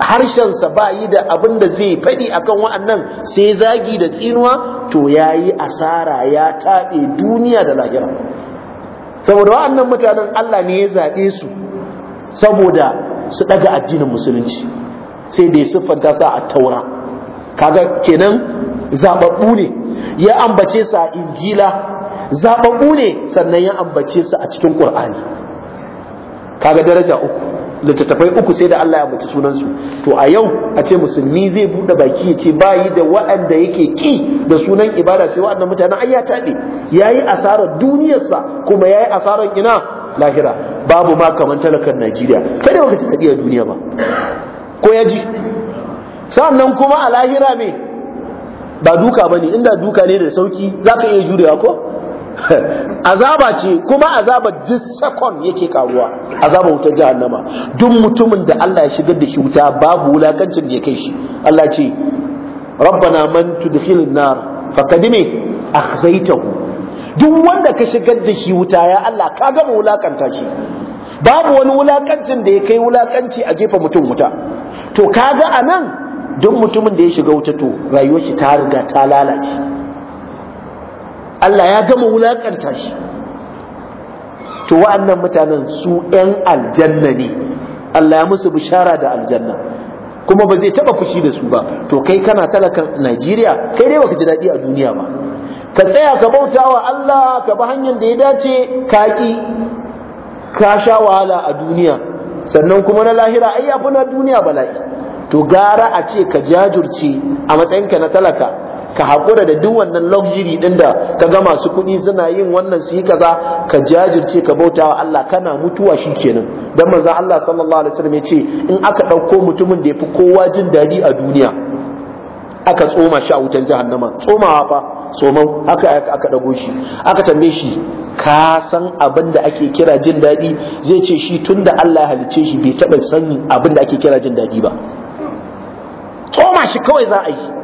harshensa ba yi da abin da zai faɗi akan wa'annan sai zagi da tsinuwa to ya yi asara ya taɓe duniya da lahira saboda wa'annan mutanen Allah ne ya zaɓe su saboda su ɗaga addinin musulunci sai da ya siffanta sa a taura kaga kenan zaɓaɓɓu ne ya ambace su a injila zaɓaɓɓu ne sannan ya ambace su a cikin ƙur'ani kaga daraja uku littattafai uku sai da Allah ya mutu sunansu to a yau a ce musulmi zai buɗe baki ya ce bayi da waɗanda yake ki da sunan ibada sai waɗannan mutanen ai ya taɓe yayi asarar duniyarsa kuma yayi asarar ina lahira babu ma kaman talakan Najeriya kada baka ci kadiya duniya ba ko ya ji sannan kuma a lahira me ba duka bane inda duka ne da sauki Za zaka iya jurewa ko azaba ce kuma azaba duk sakon yake karuwa azaba wutar jahannama duk mutumin da Allah ya shigar da shi wuta babu wulakancin da ya kai shi Allah ce rabbana man tudkhilin nar faqad akhzaytahu duk wanda ka shigar da shi wuta ya Allah ka gama wulakanta shi babu wani wulakancin da ya kai wulakanci a jefa mutum wuta to kaga anan duk mutumin da ya shiga wuta to rayuwar shi ta riga ta lalace Allah ya gama wulakanta shi to wa'annan mutanen su 'yan aljanna ne Allah ya musu bishara da aljanna kuma ba zai taba fushi da su ba to kai kana talakan Najeriya kai dai baka ji daɗi a duniya ba ka tsaya ka bauta wa Allah ka bi hanyar da ya dace ka ki ka sha wahala a duniya sannan kuma na lahira ai na duniya bala'i to gara a ce ka jajurce a matsayinka na talaka ka hakura da duk wannan luxury din da ka ga masu kuɗi suna yin wannan su yi kaza ka jajirce ka bauta wa Allah kana mutuwa shi kenan dan manzon Allah sallallahu alaihi wasallam ya ce in aka ɗauko mutumin da ya fi kowa jin daɗi a duniya aka tsoma shi a wutan jahannama tsomawa fa tsoman haka aka dago shi aka tambaye shi ka san abin da ake kira jin daɗi zai ce shi tun da Allah ya halicce shi bai taɓa sanin abin da ake kira jin daɗi ba tsoma shi kawai za a yi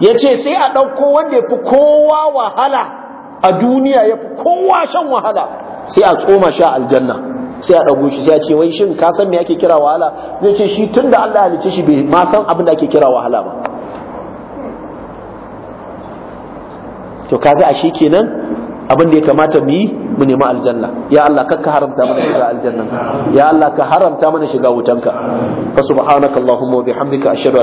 ya ce sai a ɗauko wanda ya fi kowa wahala a duniya ya fi kowa shan wahala sai a tsoma sha aljanna sai a ɗago shi sai a ce wai shin ka san me ake kira wahala zai ce shi tun da Allah halice shi bai ma san abin da ake kira wahala ba to kaga ashe kenan abin da ya kamata mu yi mu nemi aljanna ya Allah ka haramta mana shiga aljanna ya Allah ka haramta mana shiga wutanka fa subhanakallahumma wa bihamdika ashhadu